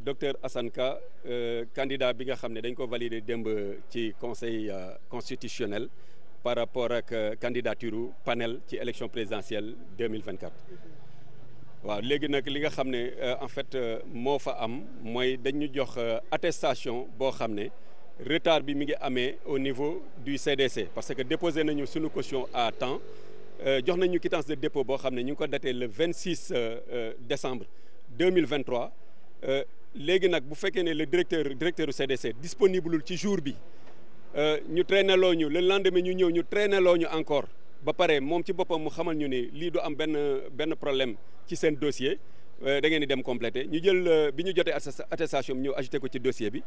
docteur Assane Ka euh, candidat bi nga xam ne dañ ko valider démb ci conseil euh, constitutionnel par rapport ak euh, candidature panel ci élection présidentielle 2024 waaw léegi nag li nga xam ne en fait moo fa am mooy dañu jox attestation boo xam ne retard bi mi ngi amee au niveau du CDC parce que déposé nañu sunu caution à temps jox nañu quittance de dépôt boo xam ne ñu ngi ko daté le 26 décembre 2023. léegi nag bu fekkee ne le directeur directeur du CDC disponible ci jour bi euh, ñu traîneloo ñu le lendemain ñu ñëw ñu traîneloo ñu encore ba pare moom ci boppam mu xamal ñu ni lii du am benn benn problème ci seen dossier euh, da ngeen di dem complété ñu jël euh, bi ñu jotee attestation bi ñu ajouté ko ci dossier bi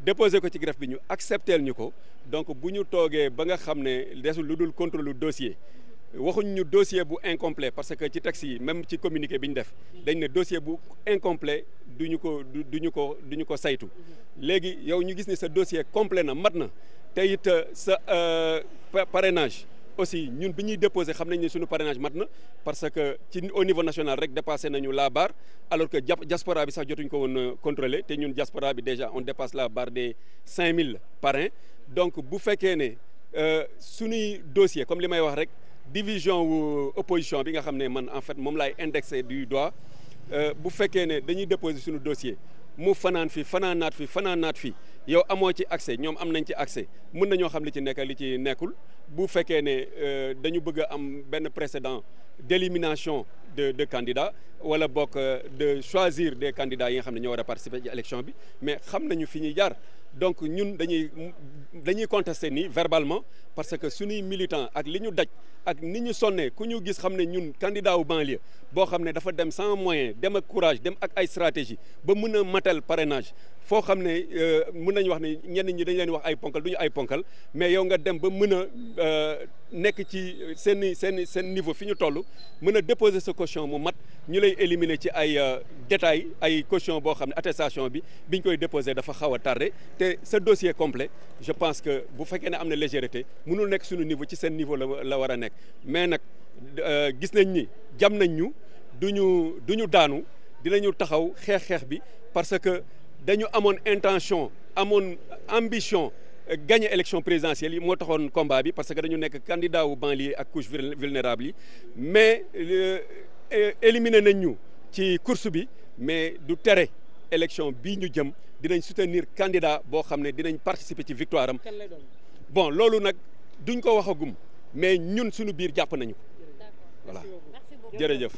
déposé ko ci greffe bi ñu accepteel ñu ko donc bu ñu toogee ba nga xam ne desul lu dul contrôle dossier waxuñ ñu dossier bu incomplet parce que ci texte yi même ci communiqué bi ñu def dañ ne dossier bu incomplet du ñu ko du ñu ko du ko saytu léegi yow ñu gis ni sa dossier complet na mat na te it euh, sa euh, parenage aussi ñun bi ñuy déposé xam nañ ne suñu parrainage mat na parce que ci au niveau national rek dépassé nañu la barre alors que diaspora bi sax jotuñ ko woon euh, contrôler te ñun diaspora bi déjà on dépasse la barre des 5000 parrains donc bu fekkee ne sunuy dossier comme li may wax rek division wu euh, opposition bi nga xam ne man en fait moom laay indexé du doigt euh, bu fekkee ne dañuy déposé suñu dossier mu fanaan fi fanaanaat fi fanaanaat naat fi yow amoo ci accès ñoom am nañ ci accès mën nañoo xam li ci nekk li ci nekkul bu fekkee ne euh, dañu bëgg a am benn précédent d'élimination de de candidats wala bokk euh, de choisir des candidats yi nga xam ne ñoo war a participer ci élection bi mais xam nañu fi ñuy jaar donc ñun dañuy dañuy contester nii verbalement parce que suñuy militants ak li ñu daj ak ni ñu sonnee ku ñu gis xam ne ñun candidat wu boo xam ne dafa dem sans moyen dem ak courage dem ak ay stratégie ba mun a matal parrainage foo xam ne euh, mun nañu wax ne ñenn ñi dañu leen wax ay ponkal du ñu ay ponkal mais yow nga dem ba mën a euh, nekk ci seen seen seen niveau fi ñu toll mën a déposer sa caution mu mat ñu lay éliminer ci ay euh, détails ay caution boo xam ne attestation bi bi ñu koy déposé dafa xaw a tardé te ce dossier complet je pense que bu fekkee ne am na légèreté mënul nekk suñu niveau ci seen niveau la la war a nekk mais nag euh, gis nañ ni jam nañ ñu duñu du ñu daanu dinañu taxaw xeex-xeex bi parce que dañu amoon intention amoon ambition gagné élection présidentielle yi moo taxoon combat bi parce que dañu nekk candidat wu banlieue ak couche vulnérable yi mais euh, éliminé nañ ñu ci course bi mais du tere élection bii ñu jëm dinañ soutenir candidat boo xam ne dinañ participer ci victoire am bon loolu nag duñ ko waxagum mais ñun suñu biir jàpp nañu voilà jërëjëf